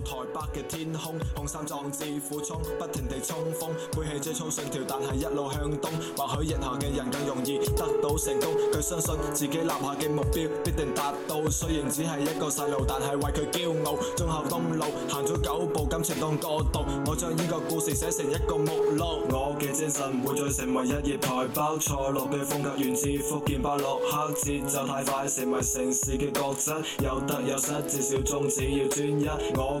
台北嘅天空，紅衫壯志苦衝，不停地衝鋒，背起追蹤信條，但係一路向東。或許日後嘅人更容易得到成功，佢相信自己立下嘅目標必定達到。雖然只係一個細路，但係為佢驕傲。忠孝東路行咗九步，感情當過渡，我將呢個故事寫成一個目錄。我嘅精神會再成為一頁台北錯落嘅風格原，源自福建巴洛克節奏太快，成為城市嘅角質，有得有失，至少宗旨要專一。我。